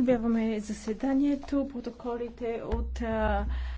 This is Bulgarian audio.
Подновяваме заседанието. Протоколите от